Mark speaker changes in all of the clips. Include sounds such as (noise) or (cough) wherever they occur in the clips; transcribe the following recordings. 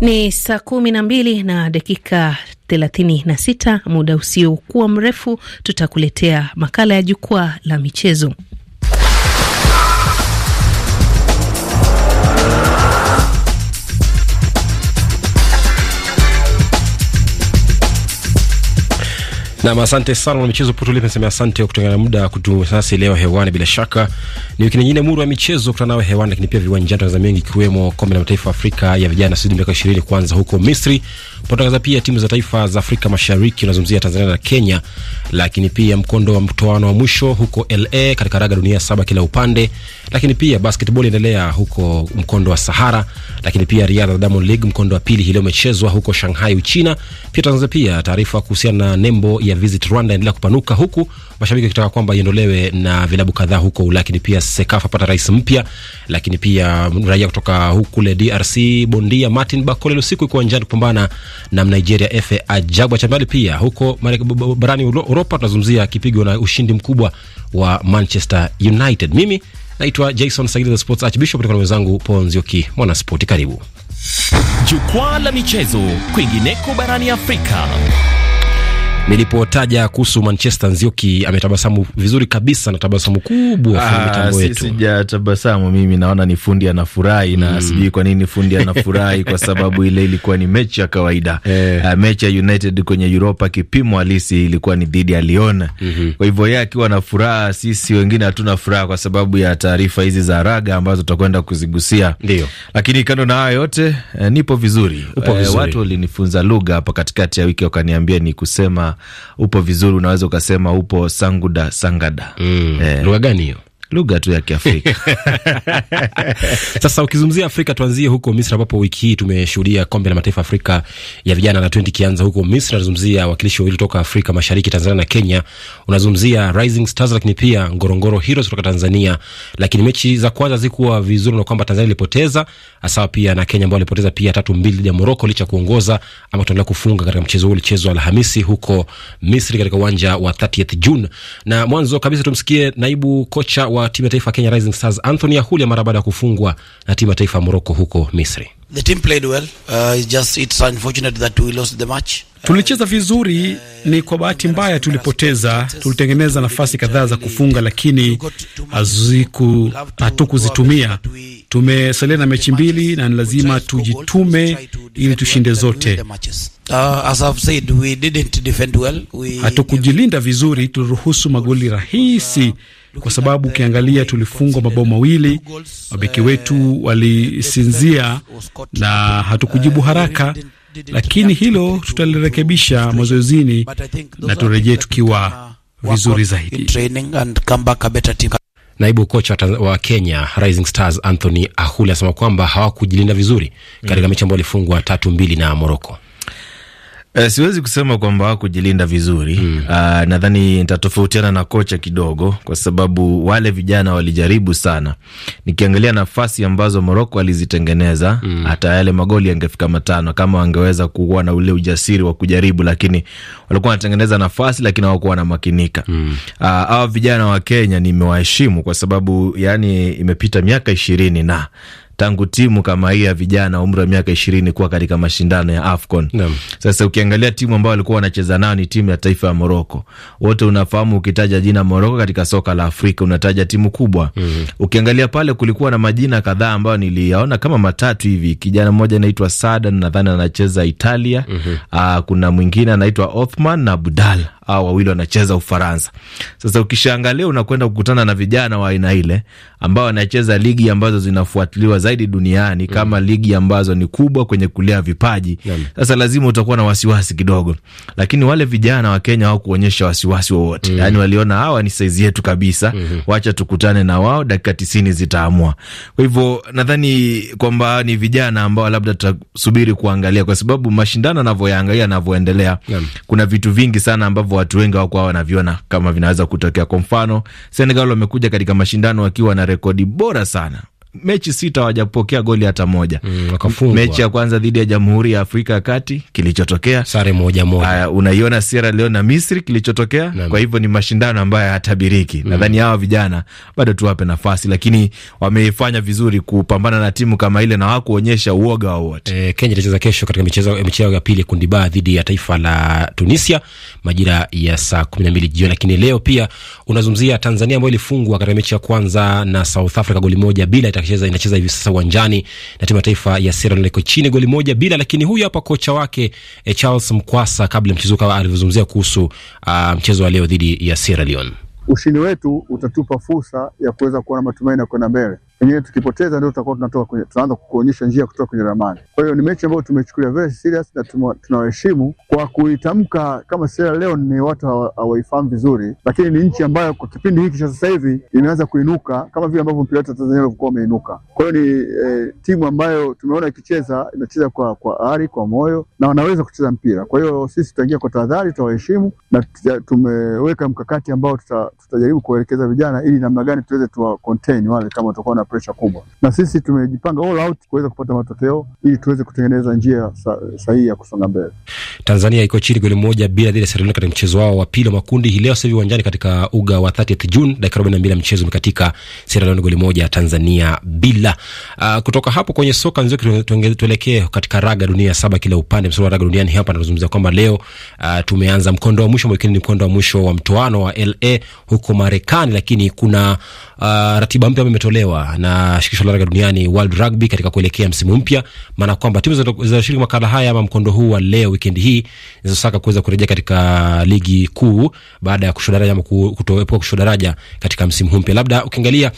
Speaker 1: Ni saa kumi na mbili na dakika 36, muda usiokuwa mrefu tutakuletea makala ya jukwaa la michezo.
Speaker 2: Nam, asante sana na michezo Potulipe nasema asante kutengana muda kutunasi leo hewani. Bila shaka ni wiki nyingine muru ya michezo kutana nawe hewani, lakini pia viwanjani, tangaza mengi ikiwemo kombe la mataifa Afrika ya vijana sidi miaka ishirini kwanza huko Misri Tunatangaza pia timu za taifa za Afrika Mashariki, unazungumzia Tanzania na Kenya, lakini pia mkondo wa mtoano wa mwisho huko LA katika raga dunia saba kila upande, lakini pia basketball inaendelea huko mkondo wa Sahara, lakini pia riadha Diamond League mkondo wa pili leo umechezwa huko Shanghai Uchina. Pia tunatangaza pia taarifa kuhusiana na nembo ya Visit Rwanda inaendelea kupanuka huku mashabiki wakitaka kwamba iondolewe na vilabu kadhaa huko lakini pia Sekafa pata rais mpya, lakini pia raia kutoka huku kule DRC bondia Martin Bakole usiku iko uwanjani kupambana na Nigeria Efe cha mbali. Pia huko barani Uropa tunazungumzia kipigo na ushindi mkubwa wa Manchester United. Mimi naitwa Jason Sagiri, the Sports Archbishop, kutoka na mwenzangu Paul Nzioki, mwana Karibu jukwaa la michezo kwingineko barani Afrika nilipotaja kuhusu Manchester Nzioki ametabasamu vizuri kabisa na tabasamu kubwa. Ah, si,
Speaker 3: sijatabasamu mimi, naona ni fundi anafurahi na mm. Sijui kwa nini fundi anafurahi kwa sababu ile ilikuwa ni mechi ya kawaida (laughs) eh. Uh, mechi ya United kwenye Uropa kipimo halisi ilikuwa ni dhidi ya Lyon mm -hmm. Kwa hivyo yeye akiwa na furaha, sisi wengine hatuna furaha kwa sababu ya taarifa hizi za raga ambazo tutakwenda kuzigusia, ndio. Lakini kando na hayo yote, uh, nipo vizuri, upo eh, vizuri. Uh, watu walinifunza lugha hapa katikati ya wiki wakaniambia ni kusema upo vizuri, unaweza ukasema upo sanguda sangada. Mm. Eh, lugha gani hiyo? lugha tu ya Kiafrika. (laughs) Sasa ukizungumzia Afrika, tuanzie huko Misri ambapo wiki
Speaker 2: hii tumeshuhudia kombe la mataifa Afrika ya vijana na 20 kianza huko Misri. Nazungumzia wakilishi wawili toka Afrika Mashariki, Tanzania na Kenya. Unazungumzia Rising Stars, lakini pia Ngorongoro Heroes kutoka Tanzania, lakini mechi za kwanza zikuwa vizuri na kwamba Tanzania ilipoteza hasa pia na Kenya ambao walipoteza pia tatu mbili dhidi ya Moroko licha kuongoza ama kutolewa kufunga katika mchezo huo ulichezwa Alhamisi huko Misri katika uwanja wa 30th June. Na mwanzo kabisa tumsikie naibu kocha wa wa timu ya taifa Kenya Rising Stars Anthony Ahulia mara baada ya kufungwa na timu ya taifa ya Moroko huko Misri. The team played well. Uh, just it's unfortunate that we lost the match. Tulicheza vizuri, ni kwa bahati mbaya tulipoteza. Tulitengeneza nafasi kadhaa za kufunga, lakini hatukuzitumia. Tumesalia na mechi mbili na ni lazima tujitume ili tushinde zote. Uh, Hatukujilinda vizuri, tuliruhusu magoli rahisi kwa sababu ukiangalia tulifungwa mabao mawili, mabeki wetu walisinzia na hatukujibu haraka, lakini hilo tutalirekebisha mazoezini na turejee tukiwa vizuri zaidi. Naibu kocha wa Kenya Rising Stars Anthony Ahuli anasema kwamba hawakujilinda vizuri katika mechi ambayo walifungwa tatu mbili na Moroko.
Speaker 3: Uh, siwezi kusema kwamba hakujilinda vizuri mm. Nadhani nitatofautiana na kocha kidogo, kwa sababu wale vijana walijaribu sana. Nikiangalia nafasi ambazo Moroko alizitengeneza mm. hata yale magoli yangefika matano kama wangeweza kuwa na ule ujasiri wa kujaribu, lakini walikuwa wanatengeneza nafasi, lakini hawakuwa wanamakinika mm. Hawa vijana wa Kenya nimewaheshimu kwa sababu yani imepita miaka ishirini na tangu timu kama hii ya vijana umri wa miaka ishirini kuwa katika mashindano ya AFCON. Naam. Sasa ukiangalia timu ambayo walikuwa wanacheza nayo ni timu ya taifa ya Moroko. Wote unafahamu ukitaja jina Moroko katika soka la Afrika unataja timu kubwa. Mm -hmm. Ukiangalia pale kulikuwa na majina kadhaa ambayo niliyaona kama matatu hivi. Kijana mmoja anaitwa Sadan nadhani anacheza Italia. Mm -hmm. Aa, ah, kuna mwingine anaitwa Othman na Budala hao wawili wanacheza Ufaransa. Sasa ukishaangalia, unakwenda kukutana na vijana wa aina ile ambao wanacheza ligi ambazo zinafuatiliwa zaidi duniani mm. kama ligi ambazo ni kubwa kwenye kulea vipaji Yale. Sasa lazima utakuwa na wasiwasi kidogo, lakini wale vijana wa Kenya hawakuonyesha wasiwasi wowote mm. yani waliona hawa ni saizi yetu kabisa mm -hmm. wacha tukutane na wao, dakika tisini zitaamua. Kwa hivyo nadhani kwamba ni vijana ambao labda tutasubiri kuangalia, kwa sababu mashindano anavyoyaangalia anavyoendelea, kuna vitu vingi sana ambavyo watu wengi hawakuwa wanaviona kama vinaweza kutokea. Kwa mfano, Senegal wamekuja katika mashindano wakiwa na rekodi bora sana mechi sita hawajapokea goli hata moja. Mm, mechi ya kwanza dhidi ya Jamhuri ya Afrika ya Kati kilichotokea sare moja moja. unaiona Sierra Leone na Misri kilichotokea. Kwa hivyo ni mashindano ambayo hayatabiriki. Mm. Nadhani hawa vijana bado tuwape nafasi, lakini wamefanya vizuri kupambana na timu kama ile na hawakuonyesha uoga wowote. E, Kenya itacheza kesho katika michezo eh, ya pili kundi dhidi ya taifa la Tunisia
Speaker 2: majira ya saa jioni, lakini leo pia unazungumzia Tanzania ambayo ilifungwa katika mechi ya kwanza na South Africa goli moja bila itacheza inacheza hivi sasa uwanjani na timu ya taifa ya Sierra Leone iko chini goli moja bila, lakini huyu hapa kocha wake eh, Charles Mkwasa kabla mchezo kama alivyozungumzia kuhusu uh, mchezo wa leo dhidi ya Sierra Leone.
Speaker 4: Ushindi wetu utatupa fursa ya kuweza kuona matumaini ya kwenda mbele pengine tukipoteza ndio tutakuwa tunatoka kwenye, tunaanza kuonyesha njia kutoka kwenye ramani. Kwa hiyo ni mechi ambayo tumechukulia very serious na tunawaheshimu kwa kuitamka kama sera leo, ni watu hawaifahamu vizuri, lakini ni nchi ambayo kwa kipindi hiki cha sasa hivi imeanza kuinuka kama vile ambavyo mpira wetu wa Tanzania ulivyokuwa umeinuka. Kwa hiyo ni eh, timu ambayo tumeona ikicheza inacheza kwa kwa ari, kwa moyo na wanaweza kucheza mpira. Kwa hiyo sisi tutaingia kwa tahadhari, tutawaheshimu na tumeweka mkakati ambao tutajaribu tuta kuelekeza vijana ili namna gani tuweze tuwa contain wale kama tutakuwa na presha kubwa, na sisi tumejipanga all out kuweza kupata matokeo ili tuweze kutengeneza njia sahihi ya kusonga mbele.
Speaker 2: Tanzania iko chini goli moja bila dhidi ya Sierra Leone katika mchezo wao wa pili wa makundi hii leo sasa hivi uwanjani katika uga wa 30 June, dakika 42 ya mchezo umekatika Sierra Leone goli moja Tanzania bila. Uh, kutoka hapo kwenye soka nzio tuelekee katika raga dunia saba kila upande, msoro wa raga duniani hapa anazungumzia kwamba leo uh, tumeanza mkondo wa mwisho mwekini, ni mkondo wa mwisho wa mtoano wa LA huko Marekani, lakini kuna uh, ratiba mpya ambayo imetolewa na shirikisho la raga duniani World Rugby katika kuelekea msimu mpya, maana kwamba timu zinazoshiriki makala haya ama mkondo huu wa leo wikendi hii zinazosaka kuweza kurejea katika ligi kuu baada ya kushuka daraja ama kutoepuka kushuka daraja katika msimu huu mpya. Labda ukiangalia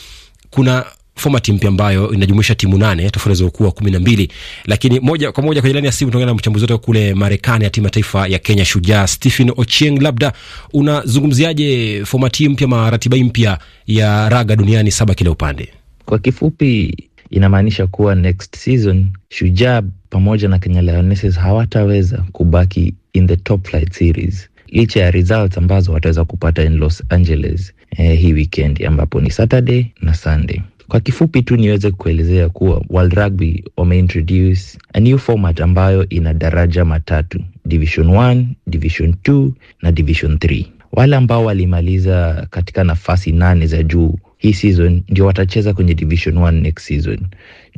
Speaker 2: kuna fomati mpya ambayo inajumuisha timu nane tofauti wa kumi na mbili. Lakini moja kwa moja kwenye laini ya simu tunaongea na mchambuzi wetu kule Marekani ya timu ya taifa ya Kenya, Shujaa Stephen Ochieng, labda unazungumziaje fomati mpya ratiba mpya ya raga
Speaker 1: duniani, saba kila upande? Kwa kifupi inamaanisha kuwa next season Shujaa pamoja na Kenya Lionesses hawataweza kubaki in the top flight series licha ya results ambazo wataweza kupata in Los Angeles eh, hii weekend ambapo ni Saturday na Sunday. Kwa kifupi tu niweze kuelezea kuwa World Rugby wameintroduce a new format ambayo ina daraja matatu, Division 1, Division 2 na Division 3. Wale ambao walimaliza katika nafasi nane za juu hii season ndio watacheza kwenye Division 1 next season,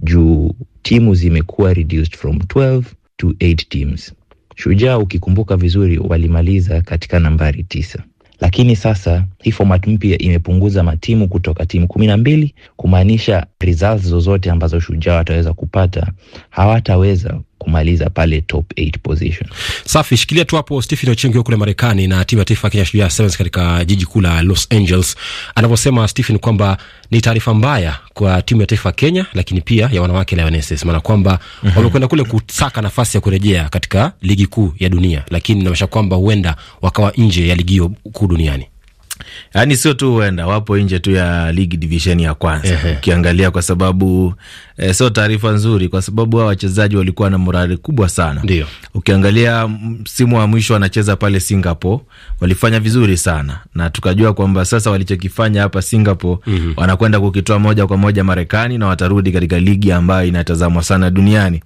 Speaker 1: juu timu zimekuwa reduced from 12 to 8 teams. Shujaa ukikumbuka vizuri, walimaliza katika nambari tisa. Lakini sasa hii format mpya imepunguza matimu kutoka timu kumi na mbili kumaanisha results zozote ambazo Shujaa wataweza kupata hawataweza kumaliza pale top 8 position. Safi, shikilia tu hapo Stephen Ochengi kule Marekani na
Speaker 2: timu ya taifa Kenya Shujaa Sevens katika jiji kuu la Los Angeles. Anavyosema Stephen kwamba ni taarifa mbaya kwa timu ya taifa Kenya, lakini pia ya wanawake Lionesses, maana kwamba mm -hmm. wamekwenda kule kusaka nafasi ya kurejea katika ligi kuu ya dunia, lakini inaonyesha kwamba huenda wakawa nje ya ligi hiyo kuu duniani.
Speaker 3: Yaani sio tu huenda wapo nje tu ya ligi division ya kwanza, ukiangalia kwa sababu eh, sio taarifa nzuri kwa sababu hawa wachezaji walikuwa na morali kubwa sana. Ndio. Ukiangalia mm, msimu wa mwisho wanacheza pale Singapore, walifanya vizuri sana na tukajua kwamba sasa walichokifanya hapa Singapore mm -hmm. wanakwenda kukitoa moja kwa moja Marekani na watarudi katika ligi ambayo inatazamwa sana duniani.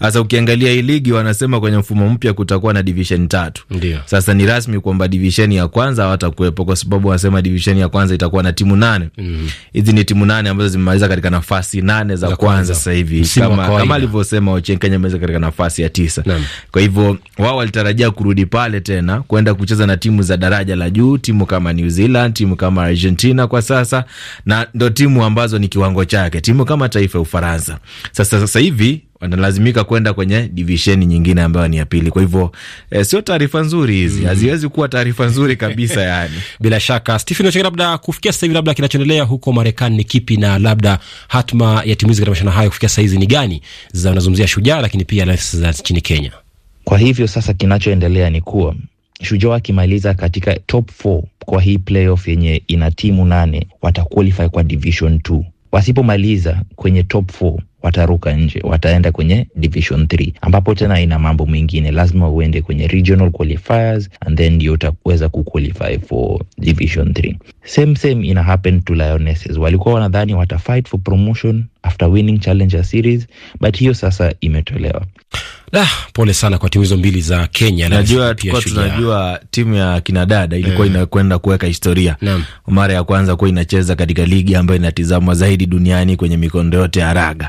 Speaker 3: Sasa ukiangalia hii ligi wanasema kwenye mfumo mpya kutakuwa na division tatu. Ndio. Sasa ni rasmi kwamba division ya kwanza hawatakuwepo kwa sababu wanasema division ya kwanza itakuwa na timu nane. Mhm. Hizi mm -hmm. ni timu nane ambazo zimemaliza katika nafasi nane za kwanza kwanza sasa hivi kama, kama alivyosema Ochieng, Kenya imeweza katika nafasi ya tisa Kwa hivyo wao walitarajia kurudi pale tena kwenda kucheza na timu za daraja la juu, timu kama New Zealand, timu kama Argentina kwa sasa, na ndo timu ambazo ni kiwango chake, timu kama taifa ya Ufaransa. Sasa sasa hivi wanalazimika kwenda kwenye divisheni nyingine ambayo ni ya pili. Kwa hivyo eh, sio taarifa nzuri hizi mm, haziwezi kuwa taarifa nzuri (laughs) kabisa yani. Bila shaka Stephen Ochege, labda kufikia sasa hivi labda kinachoendelea huko Marekani ni kipi,
Speaker 2: na labda hatma ya timu hizi katika mashindano hayo kufikia sasa hizi ni gani? za unazungumzia Shujaa, lakini pia
Speaker 1: za nchini Kenya. Kwa hivyo sasa kinachoendelea ni kuwa Shujaa akimaliza katika top 4 kwa hii playoff yenye ina timu nane wataqualify kwa division 2 wasipomaliza kwenye top 4 wataruka nje, wataenda kwenye division 3 ambapo tena ina mambo mengine, lazima uende kwenye regional qualifiers and then ndio utaweza kuqualify for division 3. Same same ina happen to Lionesses, walikuwa wanadhani watafight for promotion after winning challenger series, but hiyo sasa imetolewa. Ah, pole sana kwa timu hizo mbili za Kenya. Najua tulikuwa tunajua
Speaker 3: timu ya kinadada ilikuwa mm, inakwenda kuweka historia Naam. mara ya kwanza kuwa inacheza katika ligi ambayo inatizamwa zaidi duniani kwenye mikondo yote ya raga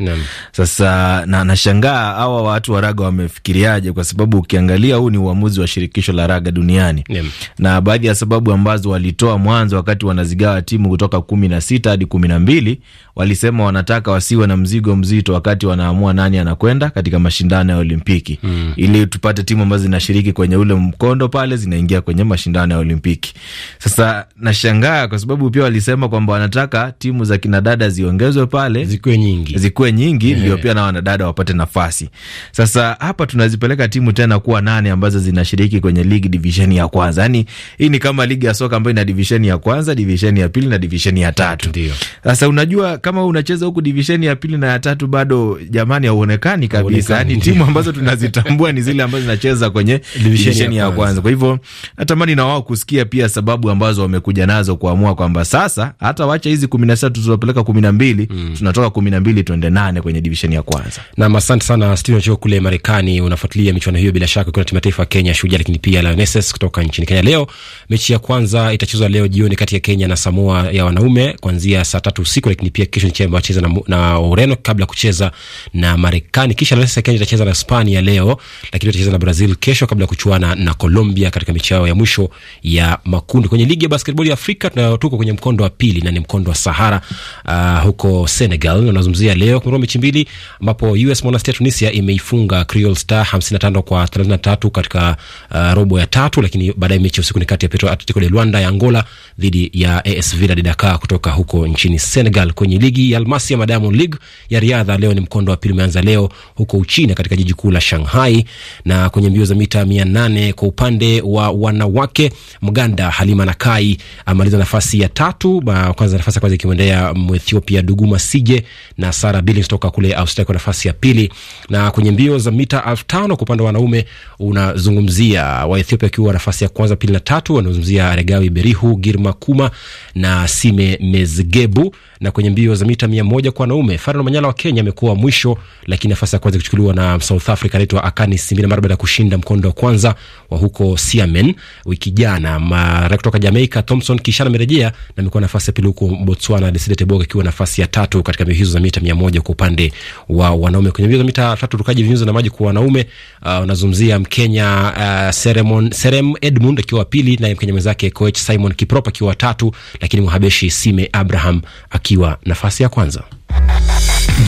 Speaker 3: Sasa na nashangaa hawa watu wa raga wamefikiriaje, kwa sababu ukiangalia huu ni uamuzi wa shirikisho la raga duniani Naam. na baadhi ya sababu ambazo walitoa mwanzo wakati wanazigawa timu kutoka kumi na sita hadi kumi na mbili walisema wanataka wasiwe na mzigo mzito wakati wanaamua nani anakwenda katika mashindano ya Olimpiki mm. ili tupate timu ambazo zinashiriki kwenye ule mkondo pale zinaingia kwenye mashindano ya Olimpiki. Sasa nashangaa kwa sababu pia walisema kwamba wanataka timu za kinadada ziongezwe pale, zikuwe nyingi, zikuwe nyingi ndio yeah. pia na wanadada wapate nafasi. Sasa hapa tunazipeleka timu tena kuwa nane ambazo zinashiriki kwenye ligi divisheni ya kwanza, yani hii ni kama ligi ya soka ambayo ina divisheni ya kwanza, divisheni ya pili na divisheni ya tatu. Ndio sasa unajua kama unacheza huku divisheni ya pili na ya tatu bado, jamani, hauonekani kabisa. Yani yaani, timu ambazo tunazitambua ni zile ambazo zinacheza kwenye (laughs) divisheni ya kwanza. Kwa hivyo natamani na wao kusikia pia sababu ambazo wamekuja nazo kuamua kwamba sasa hata wacha hizi kumi na sita tutapeleka kumi na mbili mm. tunatoka kumi na mbili tuende nane kwenye divisheni ya kwanza. Na asante sana Steven Choko kule
Speaker 2: Marekani. Unafuatilia michuano hiyo bila shaka, kuna timu ya taifa ya Kenya Shujaa, lakini pia Lionesses kutoka nchini Kenya. Leo mechi ya kwanza itachezwa leo jioni kati ya Kenya na Samoa ya wanaume kuanzia saa tatu usiku, lakini pia kesho ni Chemba wacheza na, na Ureno kabla kucheza na Marekani. Kisha sasa Kenya itacheza na Spania leo, lakini itacheza na Brazil kesho kabla ya kuchuana na Colombia katika mechi yao ya mwisho ya makundi. Kwenye ligi ya basketball ya Afrika tuko kwenye mkondo wa pili na ni mkondo wa Sahara uh, huko Senegal. Unazungumzia leo kuna mechi mbili ambapo US Monastir Tunisia imeifunga Creole Star 55 kwa 33 katika uh, robo ya tatu, lakini baadaye mechi usiku ni kati ya Petro Atletico de Luanda ya Angola dhidi ya AS Villa de Dakar kutoka huko nchini Senegal kwenye ligi Ligi ya almasi ya madamu League ya riadha leo ni mkondo wa pili umeanza leo huko Uchina katika jiji kuu la Shanghai. Na kwenye mbio za mita mia nane kwa upande wa wanawake, Mganda Halima Nakai amaliza nafasi ya tatu, kwanza nafasi ya kwanza ikimwendea Mwethiopia Duguma Sije na Sara Billings toka kule Australia kwa nafasi ya pili. Na kwenye mbio za mita elfu tano kwa upande wa wanaume unazungumzia Waethiopia akiwa nafasi ya kwanza, pili na tatu, wanazungumzia Regawi Berihu Girma Kuma na Sime Mezgebu na kwenye mbio za mita mia moja kwa wanaume Farhan Manyala wa Kenya amekuwa mwisho, lakini nafasi ya kwanza kuchukuliwa na South Africa anaitwa Akani Simbine mara baada ya kushinda mkondo wa kwanza wa huko Xiamen wiki jana. Mara kutoka Jamaica Thompson Kishana amerejea na amekuwa nafasi ya pili, huko Botswana Desire Tebogo akiwa nafasi ya tatu katika mbio hizo za mita mia moja kwa upande wa wanaume. Kwenye mbio za mita tatu rukaji viunzi na maji kwa wanaume wanazungumzia uh, Mkenya uh, Seremon, Serem Edmund akiwa wa pili, naye Mkenya mwenzake coach Simon Kiprop akiwa wa tatu, lakini Mhabeshi Sime Abraham akiwa nafasi ya kwanza.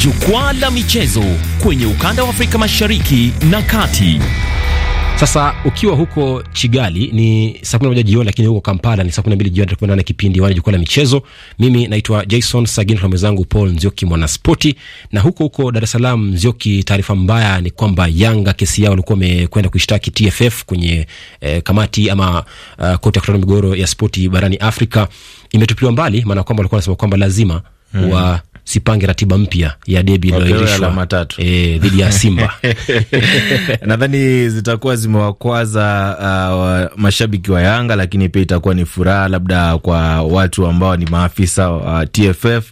Speaker 2: Jukwaa la michezo kwenye ukanda wa Afrika Mashariki na Kati. Sasa ukiwa huko Chigali ni saa kumi na moja jioni, lakini huko Kampala ni saa kumi na mbili jioni. Tunakuwa na kipindi wana jukwaa la michezo. Mimi naitwa Jason Sagini kwa mwenzangu Paul Nzioki mwanaspoti, na huko huko Dar es Salaam, Nzioki, taarifa mbaya ni kwamba Yanga kesi yao walikuwa wamekwenda kuishtaki TFF kwenye eh, kamati ama uh, eh, koti ya kutana migogoro ya spoti barani Afrika imetupiliwa mbali, maana kwamba walikuwa wanasema kwamba lazima mm. wa sipange ratiba mpya ya debi iliyoairishwa e,
Speaker 3: eh, dhidi ya Simba. (laughs) Nadhani zitakuwa zimewakwaza uh, mashabiki wa Yanga, lakini pia itakuwa ni furaha labda kwa watu ambao ni maafisa wa uh, TFF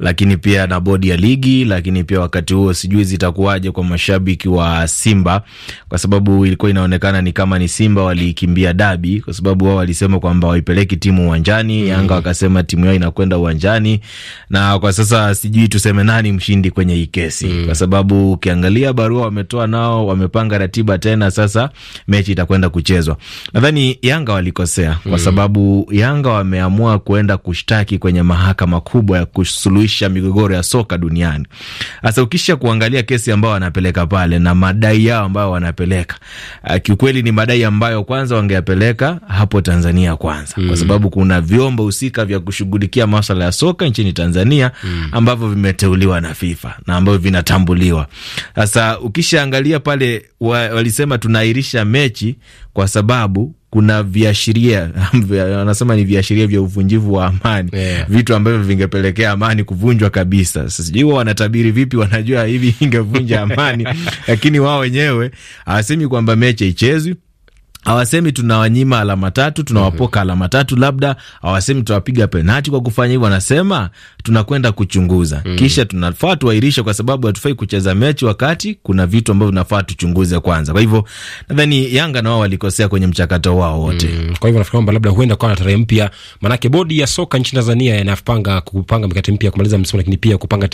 Speaker 3: lakini pia na bodi ya ligi, lakini pia wakati huo sijui zitakuwaje kwa mashabiki wa Simba, kwa sababu ilikuwa inaonekana ni kama ni Simba walikimbia dabi, kwa sababu wao walisema kwamba waipeleki timu uwanjani mm. Yanga wakasema timu yao inakwenda uwanjani, na kwa sasa sijui tuseme nani mshindi kwenye hii kesi mm. kwa sababu ukiangalia barua wametoa nao, wamepanga ratiba tena, sasa mechi itakwenda kuchezwa. Nadhani Yanga walikosea kwa mm. sababu Yanga wameamua kuenda kushtaki kwenye mahakama kubwa ya kusuluhisha kusuluhisha migogoro ya soka duniani. Sasa ukisha kuangalia kesi ambayo wanapeleka pale na madai yao ambayo wanapeleka, eh, kiukweli ni madai ambayo kwanza wangeyapeleka hapo Tanzania kwanza, kwa mm. sababu kuna vyombo husika vya kushughulikia maswala ya soka nchini Tanzania mm. ambavyo vimeteuliwa na FIFA na ambavyo vinatambuliwa. Sasa ukishaangalia pale wa, walisema tunaahirisha mechi kwa sababu kuna viashiria (laughs) wanasema ni viashiria vya uvunjivu wa amani yeah, vitu ambavyo vingepelekea amani kuvunjwa kabisa. Sijui wao wanatabiri vipi, wanajua hivi (laughs) ingevunja amani lakini wao wenyewe hawasemi kwamba mechi ichezwi Hawasemi tunawanyima alama tatu, tunawapoka mhm. alama tatu, labda hawasemi tutawapiga penati kwa kufanya hivyo, wanasema tunakwenda kuchunguza mm. Kisha tunafaa tuahirishe, kwa sababu hatufai kucheza mechi wakati kuna vitu ambavyo tunafaa tuchunguze kwanza. Kwa hivyo nadhani Yanga na wao walikosea kwenye mchakato wao wote mm. Kwa hivyo nafikiri kwamba
Speaker 2: labda huenda kwa tarehe mpya, maanake bodi ya soka nchini Tanzania inapanga kupanga mikakati mpya kumaliza msimu, lakini pia kupanga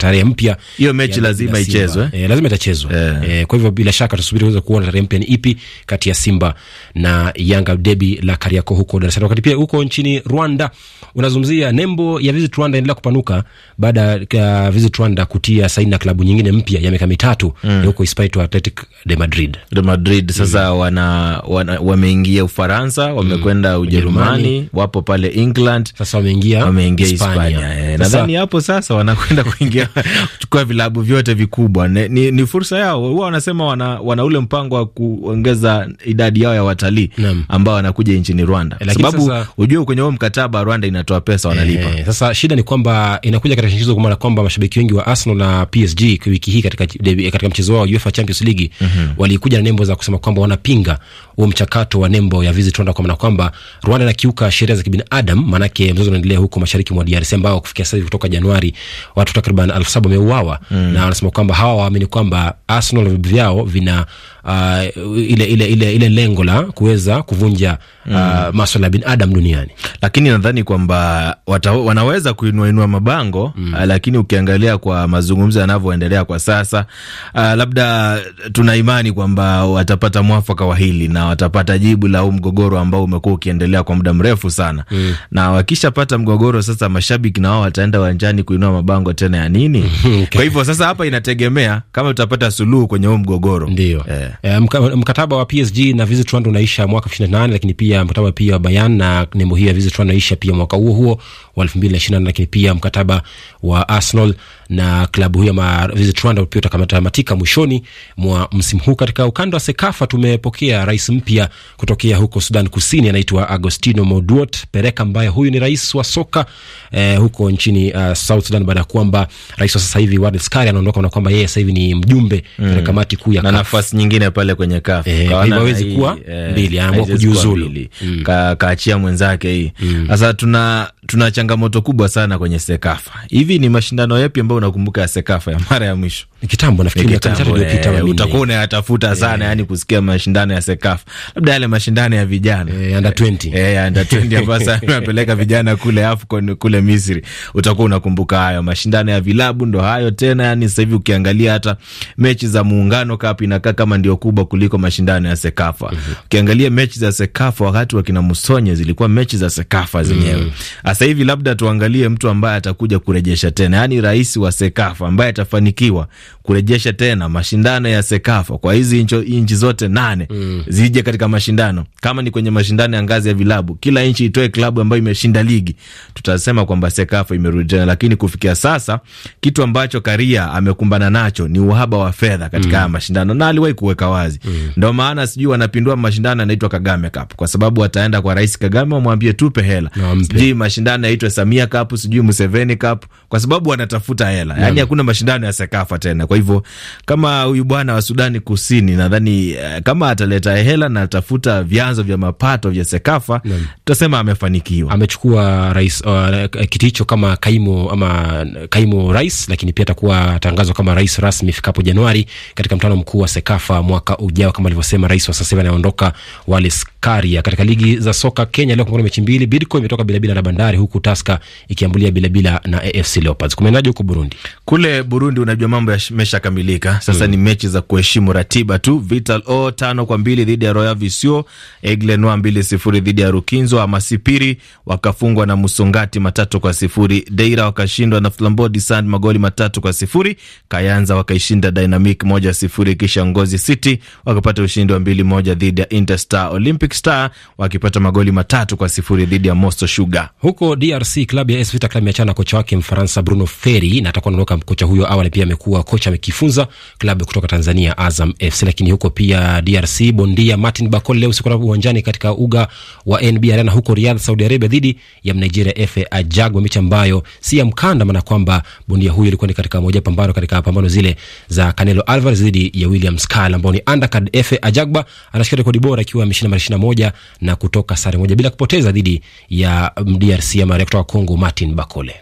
Speaker 2: tarehe mpya. Hiyo mechi lazima ichezwe, eh, lazima itachezwa eh. Eh, kwa hivyo bila shaka tusubiri kuweza kuona tarehe mpya ni ipi kati ya Simba na Yanga, debi la Kariakoo huko Dar es Salaam. Wakati pia huko nchini Rwanda unazungumzia nembo ya Visit Rwanda inaendelea kupanuka baada ya Visit Rwanda kutia saini na klabu nyingine mpya ya miaka mitatu mm. huko Espirito Athletic
Speaker 3: de Madrid, de Madrid sasa mm. wana, wana, wameingia Ufaransa, wamekwenda mm. Ujerumani, wapo pale England, sasa wameingia wameingia Hispania. Eh, nadhani hapo sasa wanakwenda (laughs) kuingia kuchukua vilabu vyote vikubwa. Ni, ni, ni fursa yao. Huwa wanasema wana, wana ule mpango wa kuongeza idadi idadi yao ya watalii ambao wanakuja nchini Rwanda, sababu ujue kwenye huo mkataba Rwanda inatoa pesa wanalipa. Eh,
Speaker 2: sasa shida ni kwamba inakuja katika shinikizo kwa maana kwamba mashabiki wengi wa Arsenal na PSG wiki hii katika, katika mchezo wao UEFA Champions League mm -hmm. walikuja na nembo za kusema kwamba wanapinga huo mchakato wa nembo ya Visit Rwanda kwa maana kwamba Rwanda inakiuka sheria za kibinadamu, maanake mzozo unaendelea huko mashariki mwa DRC ambao kufikia sasa kutoka Januari watu takriban elfu saba wameuawa mm. na wanasema kwamba hawa waamini kwamba Arsenal vyao vina uh, ile ile ile ile lengo la kuweza kuvunja mm. uh,
Speaker 3: maswala ya binadamu duniani, lakini nadhani kwamba wanaweza kuinuainua mabango mm. uh, lakini ukiangalia kwa mazungumzo yanavyoendelea kwa sasa uh, labda tuna imani kwamba watapata mwafaka wa hili na watapata jibu la huu mgogoro ambao umekuwa ukiendelea kwa muda mrefu sana mm. na wakishapata mgogoro sasa, mashabiki na wao wataenda uwanjani kuinua mabango tena ya nini? (laughs) okay. Kwa hivyo sasa hapa inategemea kama tutapata suluhu kwenye huu mgogoro
Speaker 2: ndio, eh. E, mkataba wa PSG na Visit Rwanda unaisha mwaka 28 lakini pia pia mkataba pia wa Bayan na nembo hiyo ya Visitor anaisha pia mwaka huo huo wa 2024 na lakini pia mkataba wa Arsenal na klabu hiyo ma Visit Rwanda pia utakamatika mwishoni mwa msimu huu. Katika ukanda wa Sekafa tumepokea rais mpya kutokea huko Sudan Kusini, anaitwa Agostino Moduot Pereka ambaye huyu ni rais wa soka eh, huko nchini uh, South Sudan, baada ya kwamba rais wa sasa hivi Wad Skari anaondoka na kwamba yeye sasa hivi ni mjumbe mm, katika kamati kuu ya na nafasi
Speaker 3: nyingine pale kwenye CAF eh, kwa hivyo hawezi kuwa eh, mbili, anaamua kujiuzulu mm, kaachia ka, mwenzake hii mm. sasa mm. Tuna tuna changamoto kubwa sana kwenye Sekafa. Hivi ni mashindano yapi ambayo unakumbuka Sekafa ya mara ya mwisho? Kitambo nafikiri eh, utakuwa unayatafuta eh. sana, yani kusikia mashindano ya Sekafa, labda yale mashindano ya vijana eh, under 20 eh, under 20 ambayo sasa unapeleka vijana kule AFCON kule Misri, utakuwa unakumbuka hayo mashindano ya vilabu. Ndo hayo tena, yani sasa hivi ukiangalia hata mechi za Muungano Cup inakaa kama ndio kubwa kuliko mashindano ya Sekafa. Mhm. Ukiangalia mechi za Sekafa wakati wa kina Musonye zilikuwa mechi za Sekafa zenyewe. Mhm. Sasa hivi labda tuangalie mtu ambaye atakuja kurejesha tena, yani rais wa SEKAFA ambaye atafanikiwa kurejesha tena mashindano ya SEKAFA kwa hizi nchi zote nane mm. zije katika mashindano, kama ni kwenye mashindano ya ngazi ya vilabu, kila nchi itoe klabu ambayo imeshinda ligi, tutasema kwamba SEKAFA imerudi tena. Lakini kufikia sasa kitu ambacho Karia amekumbana nacho ni uhaba wa fedha katika mm. mashindano, na aliwahi kuweka wazi mm. ndo maana sijui wanapindua mashindano yanaitwa Kagame Cup kwa sababu wataenda kwa Rais Kagame wamwambie tupe hela, sijui mashindano yaitwe Samia Cup, sijui Museveni Cup, kwa sababu wanatafuta hela yani, hakuna mashindano ya Sekafa tena. Kwa hivyo kama huyu bwana wa Sudani Kusini nadhani eh, kama ataleta hela na atafuta vyanzo vya mapato vya Sekafa tutasema amefanikiwa,
Speaker 2: amechukua rais uh, kiti hicho kama kaimu ama kaimu rais, lakini pia atakuwa tangazo kama rais rasmi ifikapo Januari katika mtano mkuu wa Sekafa mwaka ujao, kama alivyosema rais wa sasa hivi anaondoka Wallace Karia. Katika ligi za soka Kenya leo kuna mechi mbili, Bidco imetoka bila bila na Bandari, huku Taska ikiambulia bila bila na AFC Leopards.
Speaker 3: Kumenaje huko Burundi? Burundi. Kule Burundi, unajua mambo yameshakamilika sasa, mm. ni mechi za kuheshimu ratiba tu. Vital O tano kwa mbili dhidi ya Royal Visio, Eglenoa mbili sifuri dhidi ya Rukinzo, Amasipiri wakafungwa na Musongati matatu kwa sifuri, Deira wakashindwa na Flambeau du magoli matatu kwa sifuri, Kayanza wakaishinda Dynamic moja sifuri, kisha Ngozi City wakapata ushindi wa mbili moja dhidi ya Interstar, Olympic Star wakipata magoli matatu kwa sifuri dhidi ya Mosto Sugar. Huko DRC klabu ya AS Vita Club imeachana na kocha wake Mfaransa Bruno
Speaker 2: Ferri na atakuwa anaondoka kocha huyo. Awali pia amekuwa kocha amekifunza klabu kutoka Tanzania Azam FC. Lakini huko pia DRC, bondia Martin Bakol leo siku uwanjani katika uga wa NB Arena huko Riyadh, Saudi Arabia dhidi ya Nigeria FA Ajagwa, mechi ambayo si ya mkanda, maana kwamba bondia huyo alikuwa ni katika moja pambano katika pambano zile za Canelo Alvarez dhidi ya William Scal ambao ni undercard. FA Ajagba anashika rekodi bora akiwa ameshinda mara ishirini na moja na kutoka sare moja bila kupoteza dhidi ya DRC ya ama kutoka Congo Martin Bakole.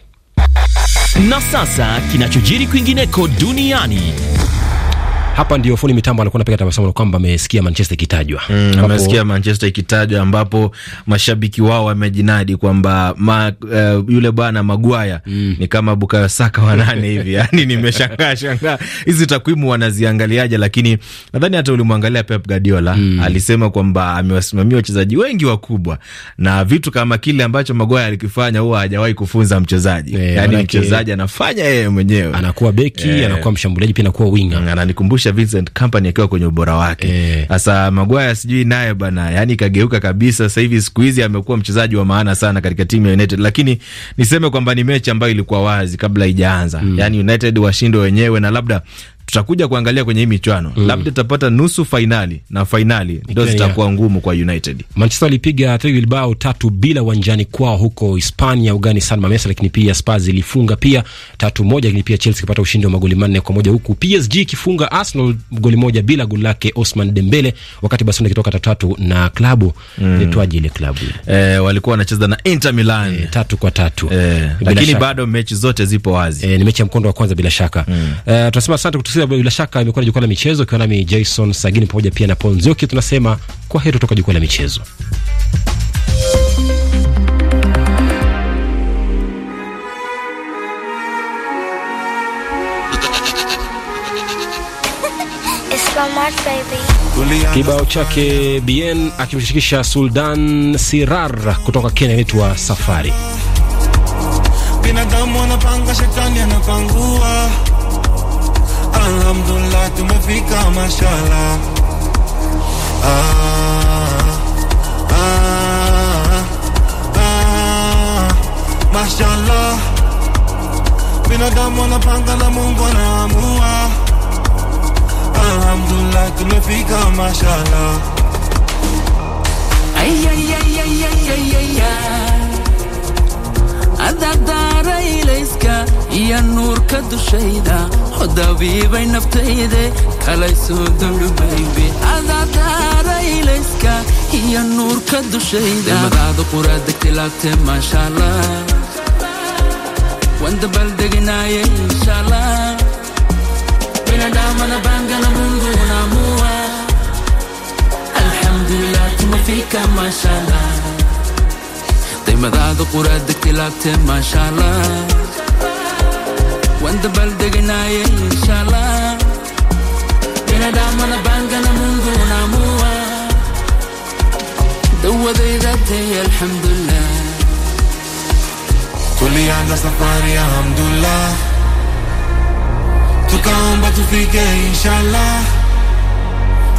Speaker 2: Na
Speaker 3: sasa kinachojiri kwingineko duniani
Speaker 2: hapa ndio fundi mitambo anakuwa anapiga tabasamu na kwamba amesikia Manchester ikitajwa. Mm, amesikia
Speaker 3: Manchester ikitajwa ambapo mashabiki wao wamejinadi kwamba ma, uh, yule bwana Maguaya mm, ni kama Bukayo Saka wa nane hivi. Yaani nimeshangaa (laughs) shangaa. Hizi takwimu wanaziangaliaje, lakini nadhani hata ulimwangalia Pep Guardiola mm, alisema kwamba amewasimamia wachezaji wengi wakubwa na vitu kama kile ambacho Maguaya alikifanya huwa hajawahi kufunza mchezaji. E, yaani mchezaji anafanya yeye mwenyewe. Anakuwa beki, e, anakuwa mshambuliaji pia anakuwa winga. Mm, ananikumbusha kumkumbusha Vincent Company akiwa kwenye ubora wake. Eh. Sasa e, Maguire sijui naye bana, yani kageuka kabisa. Sasa hivi siku hizi amekuwa mchezaji wa maana sana katika timu ya United, lakini niseme kwamba ni mechi ambayo ilikuwa wazi kabla ijaanza. Mm. Yani United washindwe wenyewe na labda tutakuja kuangalia kwenye hii michuano mm. Labda tutapata nusu fainali na fainali ndo zitakuwa ngumu kwa United. Manchester alipiga Athletic Bilbao
Speaker 2: tatu bila uwanjani kwao huko Hispania ugani San Mamesa, lakini pia Spurs ilifunga pia tatu moja, lakini pia Chelsea ikapata ushindi wa magoli manne kwa moja huku PSG ikifunga Arsenal goli moja bila goli lake Osman Dembele, wakati Barcelona ikitoka tatu tatu na klabu mm. itwaje ile klabu eh, walikuwa wanacheza na Inter Milan eh, tatu kwa tatu eh, lakini shaka, bado
Speaker 3: mechi zote zipo wazi
Speaker 2: eh, ni mechi ya mkondo wa kwanza bila shaka mm. eh, tunasema asante kutusi basi bila shaka imekuwa jukwaa la michezo, ukiwa nami Jason Sagini pamoja pia na Paul Nzioki, tunasema kwa heri kutoka jukwaa la michezo. Kibao chake Bien akimshirikisha Suldan Sirar kutoka Kenya, inaitwa Safari.
Speaker 1: Binadamu anapanga, shetani anapangua alhamdulillah tumefika mashallah ah, ah, ah, ah.
Speaker 3: binadamu anapanga na mungu anaamua alhamdulillah
Speaker 1: tumefika mashallah ay, ay, ay, ay, ay, ay, ay, ay. adadaaraylayska iyo nuurka dushayda hodawiibay naftayde kalaysoo dulubaybe adadaaraylayska iyo nuurka dushaydaimadaada quraada kilaabtee maashaalla waan dabaaldeginaaye inshaalla binadaamana baangana mungunamuwa alxamdulilah tuma fiika maashaalla مذاق قراد اختلاف ما شاء الله وانت بلدك ناي ان شاء الله بنا دام انا بانك انا من دون اموه دو ذي ذاتي الحمد لله كلي عنا صفار يا حمد الله تكون باتو فيك ان شاء الله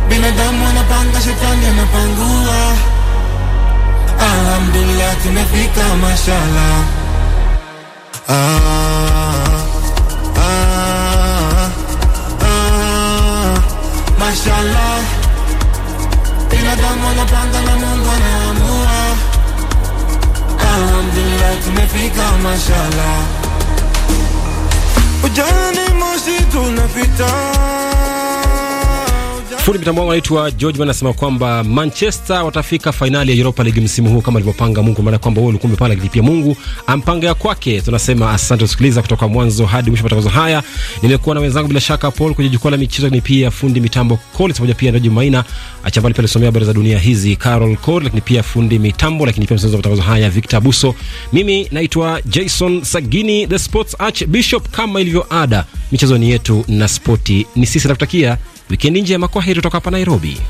Speaker 3: بنا دام انا بانك شيطان انا بانجوه Alhamdulillah tumefika mashallah ah,
Speaker 1: ah, ah, ah. mashallah binadamu anapanga na Mungu anaamua Alhamdulillah tumefika mashallah
Speaker 4: ujani moshi tunapita
Speaker 2: Fundi mitambo wangu anaitwa George anasema kwamba Manchester watafika fainali ya Europa League msimu huu kama alivyopanga Mungu, maana kwamba wewe ulikuwa umepanga, lakini pia Mungu ampanga ya kwake. Tunasema asante kusikiliza kutoka mwanzo hadi mwisho matangazo haya. Nimekuwa na wenzangu bila shaka Paul kwenye jukwaa la michezo, ni pia fundi mitambo Collins pamoja pia na Jumaina Achambali pale somea habari za dunia hizi Carol Cole, lakini pia fundi mitambo, lakini pia msimamizi wa matangazo haya Victor Buso. Mimi naitwa Jason Sagini, the Sports Archbishop. Kama ilivyo ada, michezo ni yetu na spoti ni sisi. Nakutakia Wikendi njema, heri kutoka hapa Nairobi.